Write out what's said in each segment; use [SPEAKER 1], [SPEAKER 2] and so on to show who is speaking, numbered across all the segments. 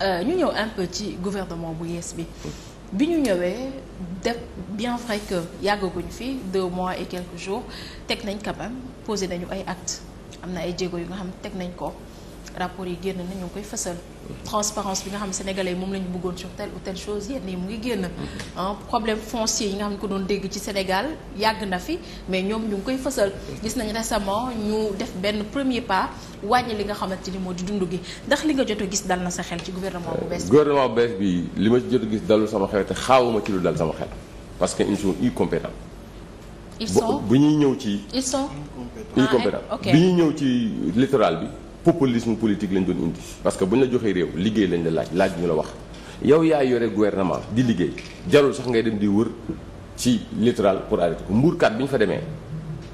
[SPEAKER 1] Euh, ñu ñëw un ci gouvernement bu yees bi bi ñu ñëwee def bien vrai que yàggaguñ fi deux mois et quelques jours teg nañ quand même nañu ay actes am na ay jéego yu nga xam teg nañ ko rapport yi génn na ñu ngi koy fësal. transparence bi nga xam ne sénégalais moom la ñu bëggoon sur telle ou chose yenn yi mu ngi génn. Mm-hmm. problème foncier yi nga xam ne ko doon dégg ci Sénégal yàgg na fi mais ñoom ñu ngi koy fësal. Mm-hmm. gis nañ récemment ñu def benn premier pas wàññi li nga xamante ni moo di dund gi ndax li nga jot a gis dal na sa xel ci gouvernement bu
[SPEAKER 2] bees bi. li ma ci jot a gis dalul sama xel te xaawuma ci lu dal sama xel parce que ils sont bu ñuy ñëw ci.
[SPEAKER 1] ils sont incompétents ah, eh, bi
[SPEAKER 2] ñuy ñëw ci littoral bi. populisme politique lañ doon indi parce que buñ la joxee réew liggéey lañ la laaj laaj ñu la wax yow yaa yore gouvernement di liggéey jarul sax ngay dem di wër ci littoral pour arrêter ko mbuurkat bi ñu fa demee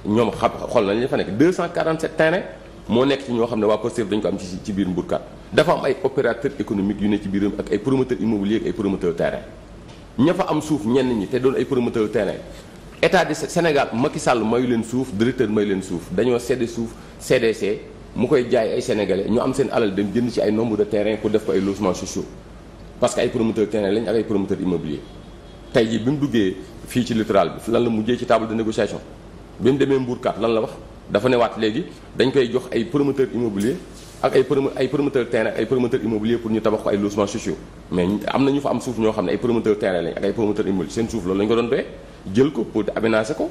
[SPEAKER 2] ñoom xam xool nañ li fa nekk 247 terrain moo nekk ci ñoo xam ne waa Pastef dañ ko am ci ci biir mbuurkat dafa am ay opérateur économique yu ne ci biiram ak ay promoteur immobilier ak ay promoteur terrain ña fa am suuf ñenn ñi te doon ay promoteur terrain état du Sénégal Macky Sall mayu leen suuf directeur mayu leen suuf dañoo séddee suuf mu koy jaay ay sénégalais ñu am seen alal dem jënd ci ay nombre de terrain pour def ko ay logements sociaux parce ay promoteur terrain lañ ak ay promoteur immobilier mu duggee fii ci littoral lan la mujjee ci table de négociation bi mu demee Mbourkat lan la wax dafa newaat léegi dañ koy jox ay promoteur immobilier ak ay ay promoteur terrain ak ay promoteur pour ñu tabax ko ay logements sociaux mais am na ñu fa am suuf ñoo xam ne ay promoteur terrain lañ ak ay promoteur immobilier seen suuf loolu la ko doon doyee jël ko pour aménager ko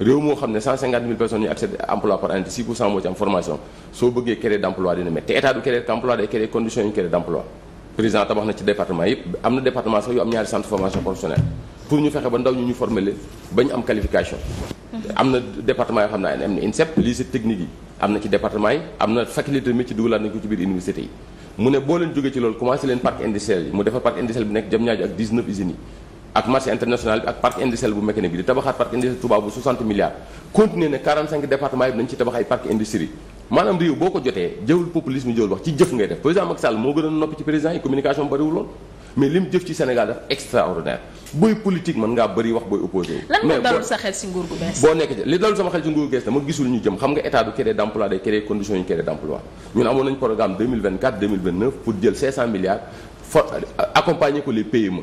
[SPEAKER 2] réew moo xam ne 150 000 personnes ñu accèdent emploi par année 6 pour cent moo ci am formation soo bëggee créer d' emploi dina métti te état du créer d' emploi day yu créer d' emploi président tabax na ci département yëpp am na département sax am na département yoo xam technique yi am na ci département yi am na faculté métier dugalaat nañu ko ci biir université yi mu ne boo leen jógee ci loolu commencé leen parc industriel yi ak marché international bi ak parc industriel bu Mékene bi di tabaxaat parc industriel Touba bu 60 milliards continuer ne 45 départements yi nañ ci tabax ci jëf ngay def président Macky Sall moo gën a noppi ci président yi communication bariwul li mu jëf ci Sénégal daf extraordinaire booy politique mën ngaa bëri wax booy opposé wu. lan moo dalul sa xel si nguur milliards for accompagner ko les PME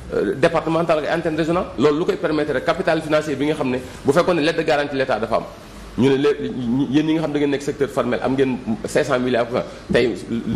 [SPEAKER 2] départemental ak antenne régional loolu lu koy permettre rek capital financier bi nga xam ne bu fekkoon ne lettre de garantie dafa am ñu ne léegi yéen ñi nga xam da ngeen secteur formel am ngeen 500 milliards pour tey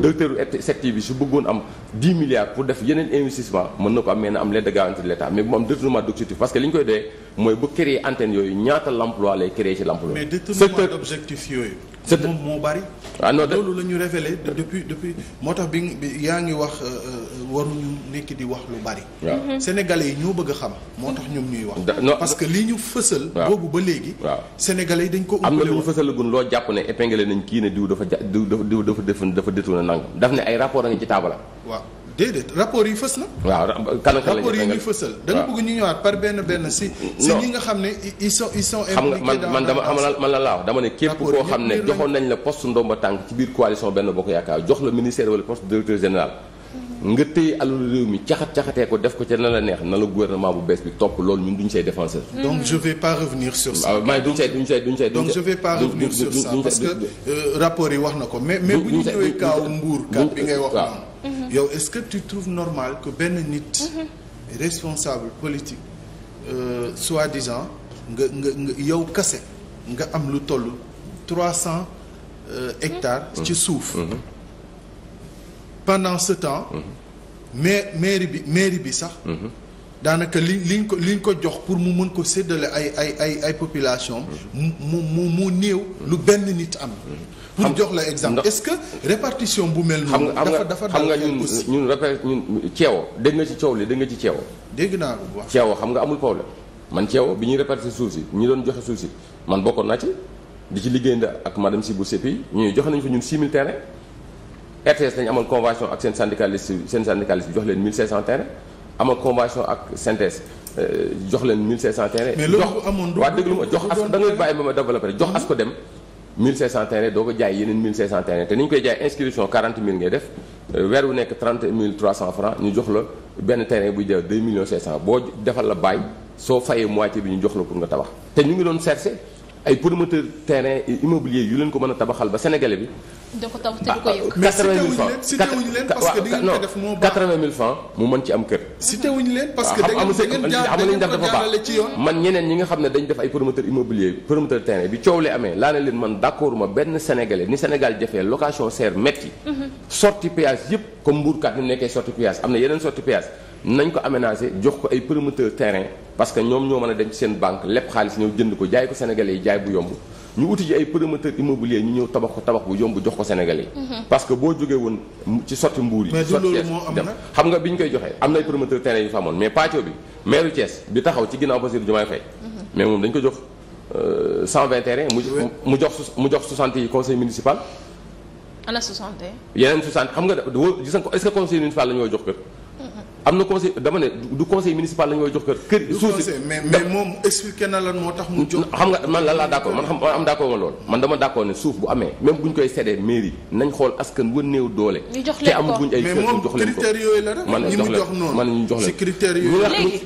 [SPEAKER 2] directeur secteur bi su bëggoon am 10 milliards pour def yeneen investissement mën na ko am mais am lettre de garantie de l'État mais bu mu am détournement d'objectif parce que li ñu koy doyee mooy bu créer antenne yooyu ñaata l'emploi lay créer ci l'emploi. mais
[SPEAKER 1] détournement d'objectif yooyu. moom moo bari. ah non loolu la ñu révélé depuis depuis moo tax bi yaa ngi wax euh, euh, waruñu nekk di wax lu bari. waaw mm-hmm. sénégalais yi ñoo bëgg xam. moo tax ñoom ñuy wax. parce que li ñu fësal. boobu ba léegi.
[SPEAKER 2] waaw sénégalais yi dañ ko. am na lu ñu fësalagun loo jàpp ne épinglé nañ kii ne diw dafa ja diw dafa diw dafa def dafa détourné nangam daf ne ay rapport a ngi ci taabala.
[SPEAKER 1] waa de rapport yi fës na.
[SPEAKER 2] waaw kan kan rapport yi ñu fësal. da nga
[SPEAKER 1] xam ne ils sont ils sont. impliqués man man dama
[SPEAKER 2] man la laa wax dama ne képp koo xam ne joxoon nañ la post ndomba tànk ci biir coalition benn bokk yaakaar jox la ministère wala poste directeur général. nga téye alalu réew mi caxat caxatee ko def ko ca na la neex na la gouvernement bu bees bi topp loolu ñun duñ say défenseur. Hmm.
[SPEAKER 1] donc je vais pas revenir sur ça. parce que euh, rapport yi wax na ko mais mais bu ñu ñëwee kaaw mbuur kat bi ngay wax. yow est-ce que tu trouves normal que benn nit. Mhm. responsable politique euh, soi-disant nga nga nga yow kase nga am lu toll trois cent euh, hectares. Mhm. ci suuf. Mhm. pendant ce temps. mais mairie bi mairie bi sax. daanaka li liñ ko liñ ko jox pour mu mën ko séddale ay ay ay ay population mu mu mu néew lu benn nit am pour jox la exemple est-ce que répartition bu mel noonu dafa dafa xam nga ñun
[SPEAKER 2] ñun repère ñun ceewo dégg nga ci coow li dégg nga ci ceewo dégg naa ko bu wax ceewo xam nga amul problème man ceewo bi ñuy répartir suuf si ñu doon joxe suuf si man bokkoon naa ci di ci liggéeyande ak madame Sibou Sépi ñuy joxe nañu fa ñun 6000 terrains RTS dañu amoon convention ak seen syndicaliste seen syndicaliste bi jox leen 1500 terrains ama convention ak synthèse euh, jox leen 1500 terrain. mais loolu amoon jox waaw déglu ma jox as da ngay bàyyi ba ma développé jox hmm? as ko dem 1500 terrain doo ko jaay yeneen 1500 terrain te ni ñu koy jaay inscription 40 000 ngay def euh, weer wu nekk 30 300 francs ñu jox la benn terrain buy jaay 2 millions 500 boo defal la bàyyi soo fayee moitié bi ñu jox la pour nga tabax te ñu ngi doon chercher. ay promoteur terrain immobilier yu leen ko mën a tabaxal ba sénégalais bi.
[SPEAKER 1] da ko tabax te du ko ah, yëg. Ah, mais
[SPEAKER 2] cité wuñu leen cité wuñu ko def mu mën ci am kër. cité leen parce que ah, ko jaarale man ñeneen ñi nga xam ne dañ def ay promoteur immobilier promoteur terrain bi coow lee amee laa ne leen man d'accord ma benn sénégalais ni Sénégal jafee location serre métti. Mhm. sorti péage yëpp comme mbuurkat ni mu nekkee sorti péage am na yeneen sorti péage nañ ko aménager jox ko ay promoteur terrain parce que ñoom ñoo mën a dem ci seen banque lépp xaalis ñëw jënd ko jaay ko sénégalais yi jaay bu yomb ñu uti ji ay promoteur immobilier ñu ñëw tabax ko tabax bu yomb jox ko sénégalais yi mhm. parce que boo jógee woon ci sotti mbuur yi sotti Thiès dem xam nga bi ñu koy joxee am na ay promoteur terrain yu fa amoon mais patio bi maire Thiès bi taxaw ci ginnaaw Bassirou Diomaye Faye mhm. mais jox euh, mu mu jox mu jox 60 yi conseil municipal ana 60 yeneen 60 xam nga gis nga ko est-ce que conseil la ñu jox kër am na conseil dama ne du conseil municipal la ñu koy jox kër. kër suuf si mais mais moom expliqué na lan moo tax mu jox xam nga man lan laa d'accord man xam am d'accord nga lool man dama d'accord ne suuf bu amee même bu ñu koy séddee mairie nañ xool askan wa néew doole. leen te amul buñ ay kër mais moom critères
[SPEAKER 1] yooyu la rek. man ñu jox noonu man
[SPEAKER 2] ñu jox leen si critères yooyu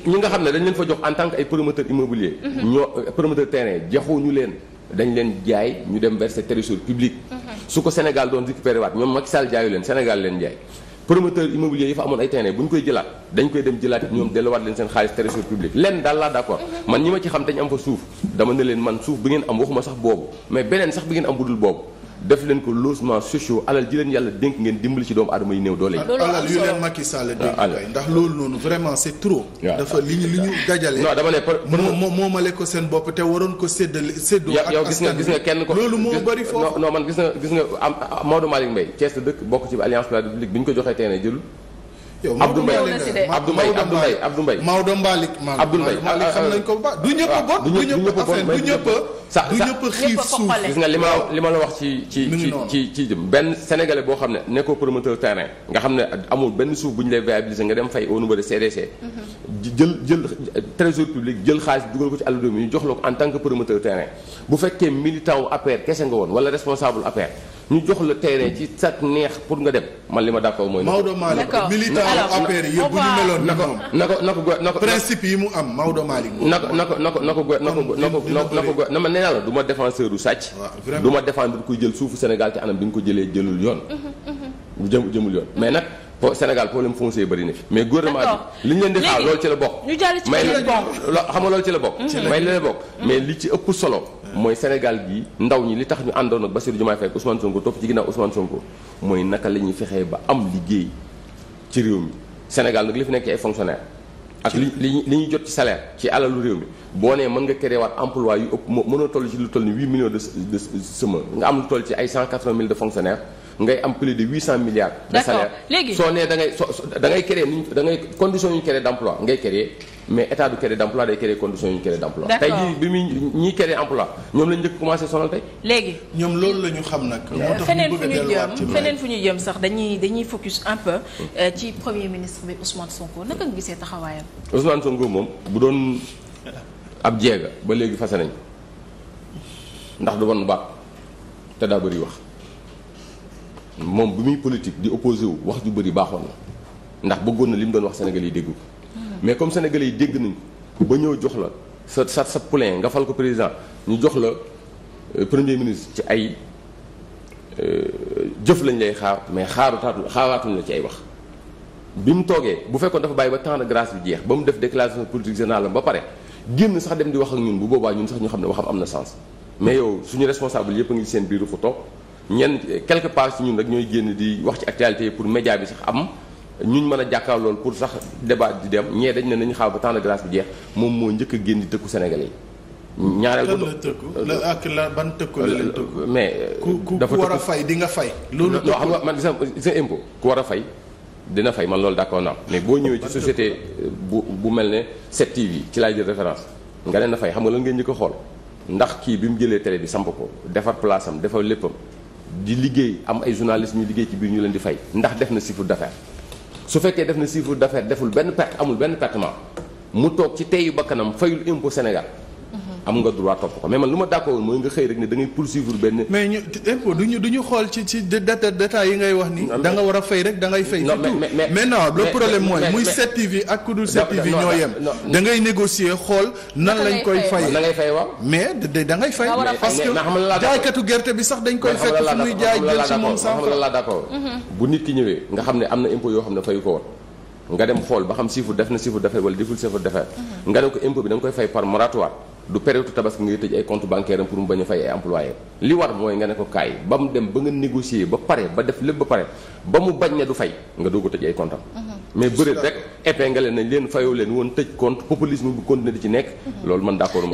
[SPEAKER 2] ñi nga xam ne dañ leen jox en tant que ay promoteur immobilier. Mhm. ñoo promoteur terrain joxuñu leen. dañ leen jaay ñu dem verser trésor public. Mhm. su ko Sénégal doon récupérer waat ñoom Macky Sall jaayu leen Sénégal leen jaay promoteur immobilier yi fa amoon ay terrain bu ñu koy jëlaat dañ koy dem jëlaat ñoom delluwaat leen seen xaalis trésor public lenn daal laa d'accord mhm. man ñi ma ci xam te ñu am fa suuf dama ne man suuf bi ngeen am waxuma sax boobu mais beneen sax bi ngeen am budul boobu def leen ko logement sociaux alal ji leen yàlla dénk ngeen dimbali ci doomu aadama yi néew doole yi.
[SPEAKER 1] alal yu leen Macky Sall ah, dénk kay ndax loolu noonu vraiment c' est trop. dafa li ñu li ñu dajale. non dama ne par moo moomale ko seen bopp te waroon ko séddale séddoo. ak yow gis nga gis nga kenn ko loolu moo bëri foofu. non man gis nga
[SPEAKER 2] gis nga Maodo Malick Mbaye Thiès dëkk bokk ci alliance pour la bi ñu ko joxee tey jëlul yow Maodo Mbaye Abdou Mbaye Abdou Mbaye Abdou Mbaye Maodo Malick Abdou Mbaye xam nañ ko ba du ñëpp a ah,
[SPEAKER 1] ah. bon du ñëpp a affaire du ñëpp a
[SPEAKER 2] du ñëpp a xiif suuf gis nga li ma li ma la wax ci ci ci ci ci jëm benn sénégalais boo xam ne nekkoo promoteur terrain nga xam ne amul benn suuf bu ñu lay viabiliser nga dem fay au niveau de CDC mhm. jël jël trésor public jël xaalis dugal ko ci àll doom yi ñu jox la ko en tant que promoteur terrain bu fekkee militant wu APR kese nga woon wala responsable APR ñu jox la tere ci sat neex pour nga dem man li ma d'accord mooy. Maodo Malick militant APR yëpp ñu meloon. na ko na
[SPEAKER 1] ko na ko na ko principe mu am Maodo Malick. na ko
[SPEAKER 2] na ko na ko na ko na ko na ko na ko ma nee naa du ma défenseur du sàcc. du ma défendre kuy jël suufu Sénégal ci anam bi nga ko jëlee jëlul yoon. jëm jëmul yoon mais nag. po Sénégal problème foncier bëri na fi. mais gouvernement bi li ñu leen di xaar lool ci la bokk. ñu jàll ci may xam nga loolu ci la bokk. may la bokk mais li ci ëpp solo. mooy Sénégal gi ndaw ñi li tax ñu àndoon ak Bassirou Diomaye Faye ak Ousmane Sonko topp ci ginnaaw Ousmane Sonko mooy naka la ñuy fexee ba am liggéey ci réew mi Sénégal nag li fi nekk ay fonctionnaire ak li li li ñuy jot ci salaire ci alalu réew mi boo nee mën nga créer waat emploi yu ëpp mënoo toll ci lu toll ni 8 millions de de nga am lu toll ci ay 180 000 de fonctionnaires ngay am plus de 800 milliards de salaire soo nee da ngay so da ngay créer da ngay conditions yu ñu créer ngay créer mais état du créer d'emploi day créer conditions yu ñu d'emploi. d'accord tey bi mu ñiy créer emploi ñoom lañ njëkk commencé sonal tey.
[SPEAKER 1] léegi ñoom loolu la ñu xam nag. moo tax feneen fu ñuy jëm sax dañuy dañuy focus un peu euh, ci premier ministre bi Ousmane Sonko naka nga gisee taxawaayam.
[SPEAKER 2] Ousmane Sonko moom bu doon ab jeega ba léegi fase nañ ndax du bon baat te daa bëri wax moom bi muy politique di opposé wu wax ju bëri baaxoon na ndax bëggoon na li mu doon wax Sénégal yi dégg ko mais comme sénégalais yi dégg nañ ba ñëw jox la sa sa sa poulain nga fal ko président ñu jox la euh, premier ministre ci ay euh, jëf lañ lay xaar mais xaarutaatu xaaraatuñ la ci ay wax. bi mu toogee bu fekkoon dafa bàyyi ba temps de grâce bi jeex ba mu def déclaration politique générale ba pare génn sax dem di wax ak ñun bu boobaa ñun sax ñu xam ne waxam am na sens. mais yow suñu responsable yëpp a ngi seen biiru photo ñenn quelque part si ñun rek ñooy génn di wax ci actualité pour média bi sax am. ñuñ mën a jàkkaar lool pour sax débat di dem ñee dañ ne nañu xaar ba temps de grâce bi jeex moom moo njëkk a génn di tëkku Sénégalais yi. ñaareel ko la tëkku la
[SPEAKER 1] ak la ban tëkku la leen
[SPEAKER 2] tëkku mais ku ku war a fay
[SPEAKER 1] di nga fay. loolu non xam nga man sa
[SPEAKER 2] sa impôt ku war a fay dina fay man loolu d'accord naa mais boo ñëwee ci société euh, bu bu mel ne 7TV ci laay jël référence nga ne na fay xam nga lan ngeen njëkk a xool ndax kii bi mu jëlee télé bi samp ko defar place am defar léppam di liggéey am ay journalistes ñu liggéey ci biir ñu leen di fay ndax def na chiffre d'affaires su fekkee def na chiffre d'affaires deful benn perte amul benn pertement mu toog ci tey bakkanam fayul impôt Sénégal am nga droit topp ko mais man lu ma d'accord mooy nga xëy rek ne da ngay poursuivre benn. mais ñu impôt du
[SPEAKER 1] xool ci ci data yi ngay wax ni. da nga war a fay rek da ngay fay. non mais mais non le problème mooy muy 7TV ak ku dul 7TV ñoo yem. koy fay. da ngay fay waaw. mais da ngay fay. parce que jaaykatu gerte bi sax dañ koy fekk fu muy jaay jël si moom sax. d'accord mhm.
[SPEAKER 2] bu nit ki ñëwee nga xam ne am na impôt yoo xam ne fayu ko woon nga dem xool ba xam chiffre def na chiffre d'affaires wala deful chiffre d'affaires mhm. nga ne ko impôt bi da koy fay par moratoire du période tabaski ngay tëj ay compte bancaire am pour mu bañ a fay ay employé li war mooy nga ne ko kaay ba mu dem ba nga négocier ba pare ba def lépp ba pare ba mu bañ ne du fay nga doog a tëj ay compte am mhm. mais bëri rek
[SPEAKER 1] épinglé nañ leen fayoo leen woon tëj compte populisme bu continuer di ci nekk mhm. loolu man d'accord